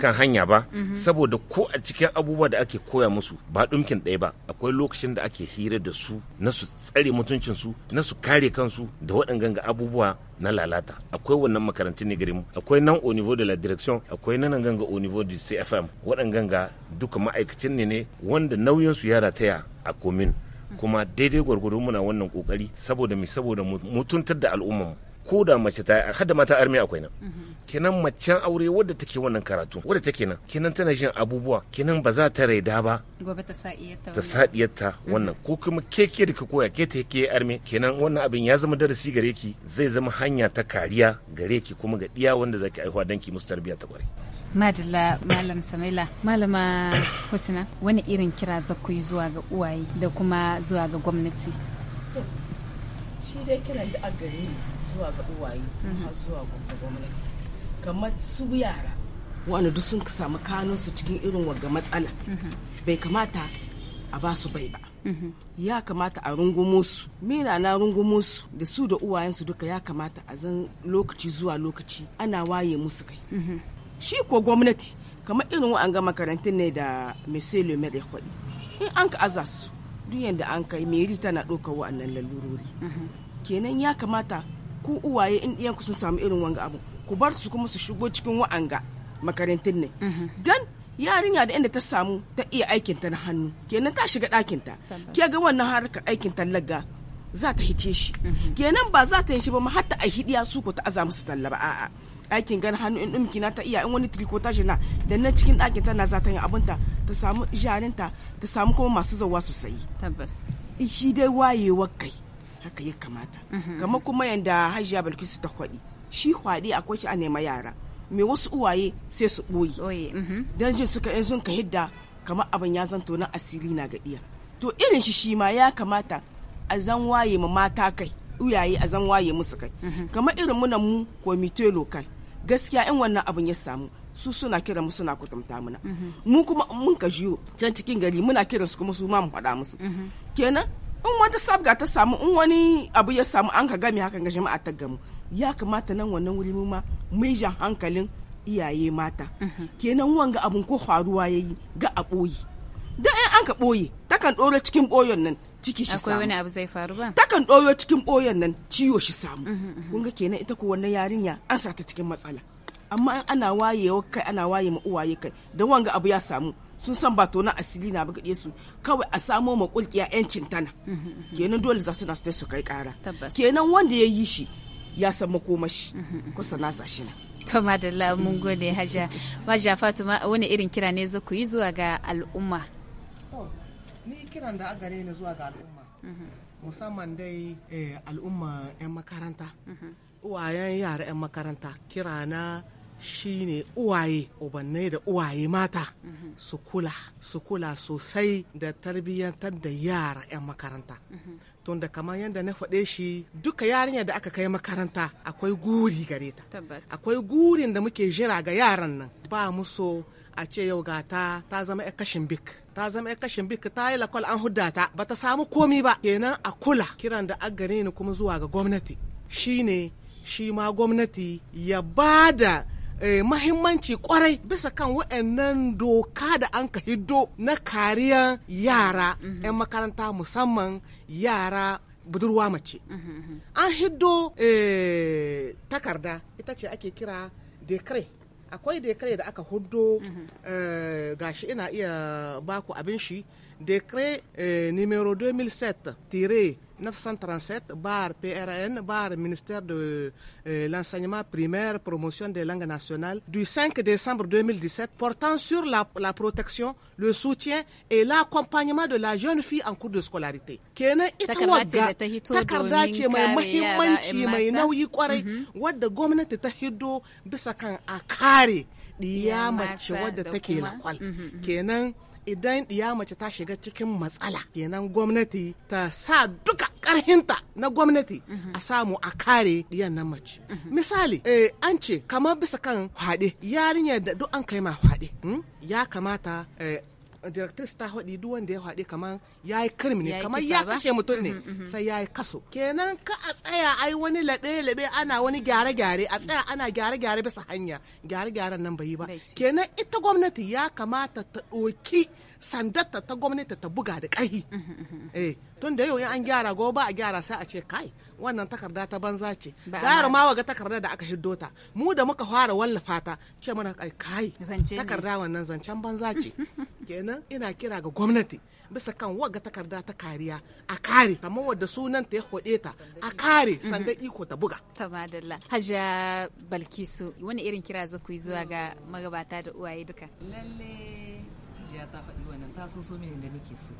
kan hanya ba mhm. saboda ko a cikin abubuwa da ake koya musu ba dumkin ɗaya ba akwai lokacin da ake hira da su na su tsare mutuncin su na su kare kansu da waɗannan abubuwa na lalata akwai wannan makarantun ne mu. akwai nan au niveau de la direction akwai nan ganga au niveau du CFM waɗannan ganga duka ma'aikacin ne ne wanda nauyin su ya rataya a komin kuma daidai gwargwado muna wannan kokari saboda mi saboda mutuntar da al'ummar mu ko da mace ta har da mata armi akwai nan mhm. kenan macen aure wadda take wannan karatu wadda take nan kenan tana jin abubuwa kenan ba za ta raida ba gobe ta ta sadiyarta wannan mhm. ko kuma keke da ka koya ke ta ke armi kenan wannan abin ya zama darasi gare ki zai zama hanya ta kariya gare ki kuma ga diya wanda zaki aihuwa danki musu tarbiyya ta kwarai madalla malam samila malama husna wani irin kira za ku yi zuwa ga uwaye da kuma zuwa ga gwamnati shi dai kiran da a gari zuwa ga uwaye kuma mhm. zuwa ga gwamnati kamar su yara wani duk sun samu kano su cikin irin wagga matsala mhm. bai kamata a ba su bai ba mhm. ya kamata a rungumo su mina na rungumo su da su da uwayensu duka ya kamata a zan lokaci zuwa lokaci ana waye musu kai shi ko gwamnati kamar irin wa'anga makarantun ne da monsieur le ya kwaɗi in an ka aza su duk yadda an kai meri tana ɗaukar wa'annan lalurori kenan ya kamata ku uwaye in ɗiyanku sun samu irin wanga abu ku bar su kuma su shigo cikin wa'anga makarantun ne dan yarinya da inda ta samu ta iya aikin ta na hannu kenan ta shiga ɗakin ta ke ga wannan harka aikin tallaga za ta hice shi mhm. kenan ba za ta yi shi ba ma hatta a hidiya su ko ta aza musu talla ba a'a aikin gan hannu in ɗumki na ta iya in wani trikotage na da nan cikin ɗakin tana za ta yi abinta ta samu jarinta ta samu kuma masu zawa su sayi tabbas shi dai wayewa kai haka ya kamata mhm. kamar kuma yanda hajiya balkisu ta kwaɗi shi kwaɗi akwai shi a nema yara me wasu uwaye sai su ɓoye mhm. don jin suka in sun ka hidda kamar abin ya zanto na asiri na gaɗiya to irin shi shi ma ya kamata a zan waye ma mata kai uyaye a zan waye musu kai mhm. kamar irin muna mu komite lokal gaskiya in wannan abin ya samu su suna kiran mu suna kutumta muna mu kuma mun ka jiyo can cikin gari muna kiran su kuma su ma mu faɗa musu kenan in wata sabga ta samu in wani abu ya samu an ka gami hakan ga jama'a ta gamu ya kamata nan wannan wuri mu ma mai jan hankalin iyaye mata kenan wanga abun ko faruwa yayi ga a ɓoye da in an ka ɓoye takan ɗora cikin ɓoyon nan ciki shi samu akwai wani abu zai faru ba takan ɗoyo cikin ɓoyon nan ciwo shi samu mm, mm, mm. kun ga kenan ita ko wannan yarinya an sa ta cikin matsala amma ana wayewa kai ana waye ma uwaye kai dan wanga abu ya samu sun san ba na asili na buga su kawai a samo ma kulkiya yancin tana kenan dole za su na su kai kara kenan wanda ya yi shi ya san makomashi sana sa shi na to madalla mun gode haja maja fatima wani irin kira ne zo ku yi zuwa ga al'umma kiran da aka na zuwa ga al'umma musamman dai eh, al'umma 'yan makaranta uwayen yara 'yan makaranta kirana shine uwaye ubannai da uwaye mata su kula su kula sosai da tarbiyyantar da yara 'yan makaranta tunda kamar yadda na faɗe shi duka yarinya da aka kai makaranta akwai guri gare ta akwai gurin da muke jira ga yaran nan ba mu so a ce yau ga ta ta zama yar kashin bik ta zama ya kashin bik ta yi lakwal an hudda ta ba ta samu komi ba kenan a kula kiran da an ni kuma zuwa ga gwamnati shine shi ma gwamnati ya ba da eh, mahimmanci kwarai bisa kan waɗannan doka da an ka hiddo na kariyar yara 'yan mhm. makaranta musamman yara budurwa mace mhm, mhm. an hiddo eh, takarda ita ce ake kira dekare akwai dekare da aka huddo eh, gashi ina iya baku abin shi dekare eh, numero 2007 tire 937 barre PRN barre ministère de euh, l'enseignement primaire promotion des langues nationales du 5 décembre 2017 portant sur la, protection, le soutien et l'accompagnement de la jeune fille en cours de scolarité. idan ɗiya mace ta shiga cikin matsala kenan gwamnati ta sa duka karhinta na gwamnati a samu a kare diyan na mace. Misali, eh, an ce kamar bisa kan haɗe yarinyar da duk an kai ma haɗe, hmm, ya kamata eh, director ta faɗi duk wanda ya faɗi kamar ya yi kirmi ne kamar ya kashe mutum ne mm-hmm, mm-hmm. sai ya yi kaso kenan ka a tsaya ai wani laɓe-laɓe ana wani gyare-gyare a tsaya ana gyare-gyare bisa hanya gyare-gyaren nan bai yi ba kenan ita gwamnati ya kamata ta ɗoki sandarta ta gwamnati ta buga da ƙarfi mm-hmm, eh tun da yau an gyara gobe a gyara sai a ce kai wannan takarda ta banza ce gara ma waga takarda da aka hiddo ta mu da muka fara wallafa ta ce mana kai kai takarda wannan zancen banza ce <laughs> kenan ina kira ga gwamnati bisa kan waga takarda ta kariya a kare kamar wadda sunan ta ya hode ta a kare mhm. sandan iko ta buga tamadalla haja balkisu wani irin kira za ku yi zuwa ga magabata da uwaye duka lalle hajiya ta faɗi wannan ta so so mini da nake so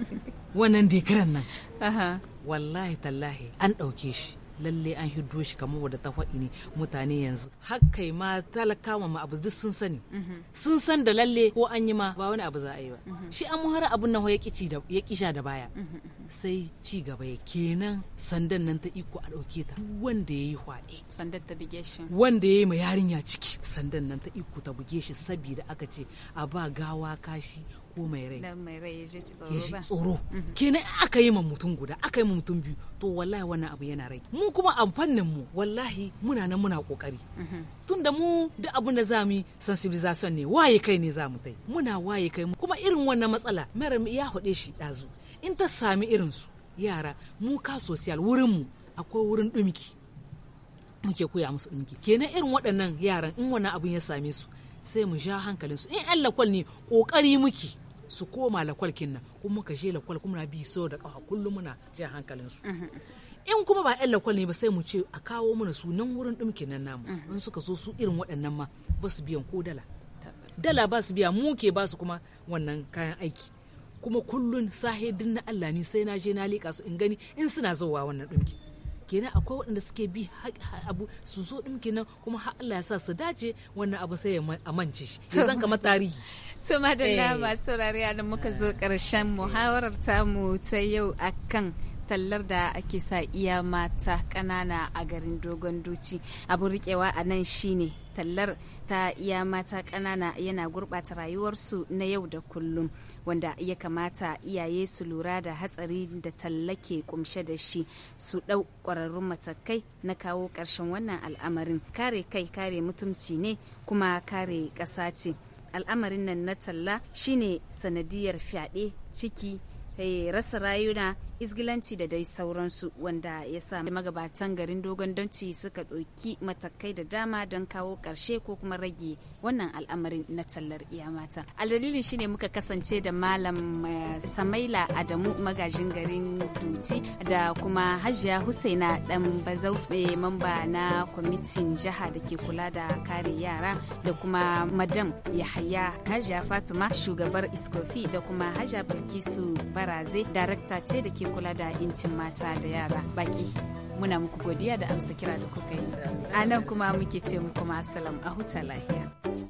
<laughs> wannan dekaran nan wallahi tallahi an ɗauke shi lalle an hiddo shi kamar wadda ta faɗi ne mutane yanzu kai ma talakawa ma abu duk sun sani mhm. sun san da lalle ko an yi ma ba wani abu za a yi ba mhm. shi an muhara abun nan ya kisha da baya mhm, sai ci gaba ya kenan sandan nan ta iko a ɗauke ta wanda ya yi sandan ta buge shi wanda ya yi ma yarinya ciki sandan nan ta iko ta buge shi saboda aka ce a ba gawa kashi ko mai rai ya ji tsoro mhm. kenan aka yi ma mutum guda aka yi ma mutum biyu to wallahi wannan abu yana rai mu kuma fannin mu wallahi muna nan muna kokari mhm. tunda mu da abin da zamu sensibilization ne waye kai ne zamu tai muna waye kai mu. kuma irin wannan matsala maram ya hode shi dazu in ta sami irin su yara mu ka social wurin mu akwai wurin dumki muke koya musu dumki kenan irin waɗannan yaran in wannan abun ya same su sai mu sha hankalinsu in Allah ne kokari muke su koma lakwal kinna kuma muka je lakwal kuma bi so da kafa kullum muna jan hankalin su mm-hmm. in kuma ba yan lakwal ne ba sai mu ce a kawo mana su nan wurin ɗumkin nan namu mm-hmm. in suka so su irin waɗannan ma ba su biyan ko dala dala ba su biya mu ke ba su kuma wannan kayan aiki kuma kullun sahidin na Allah ne sai na je na lika su in gani in suna zauwa wannan ɗumkin kenan akwai waɗanda suke bi abu su zo ɗin nan kuma har Allah ya sa su dace wannan abu sai ya amince shi ya zan kama tarihi to madalla eh. masu saurari da muka zo ƙarshen muhawarar mu ta yau a kan tallar da ake sa iya mata ƙanana a garin dogon duci abin riƙewa a nan shine tallar ta iya mata kanana yana gurɓata rayuwarsu na yau da kullum wanda ya kamata iyaye su lura da hatsari da tallake kumshe da shi su ɗau ƙwararrun matakai na kawo ƙarshen wannan al'amarin kare kai kare mutumci ne kuma kare ƙasa ce al'amarin nan na talla shine sanadiyar fyaɗe ciki eh, rasa rayuna isgilanci da dai sauransu wanda ya sa magabatan garin dogon donci suka ɗauki matakai da dama don kawo ƙarshe ko kuma rage wannan al'amarin na tallar iya mata a dalilin shine muka kasance da malam eh, samaila adamu magajin garin duci da kuma hajiya husaina dan bazau eh, mamba na kwamitin jiha da ke kula da kare yara da kuma madam yahaya hajiya fatima shugabar iskofi da kuma hajiya bilkisu baraze darakta ce da ke kula da incin mata da yara baki muna muku godiya da amsa kira da kuka yi a nan kuma muke ce muku masalam a huta lahiya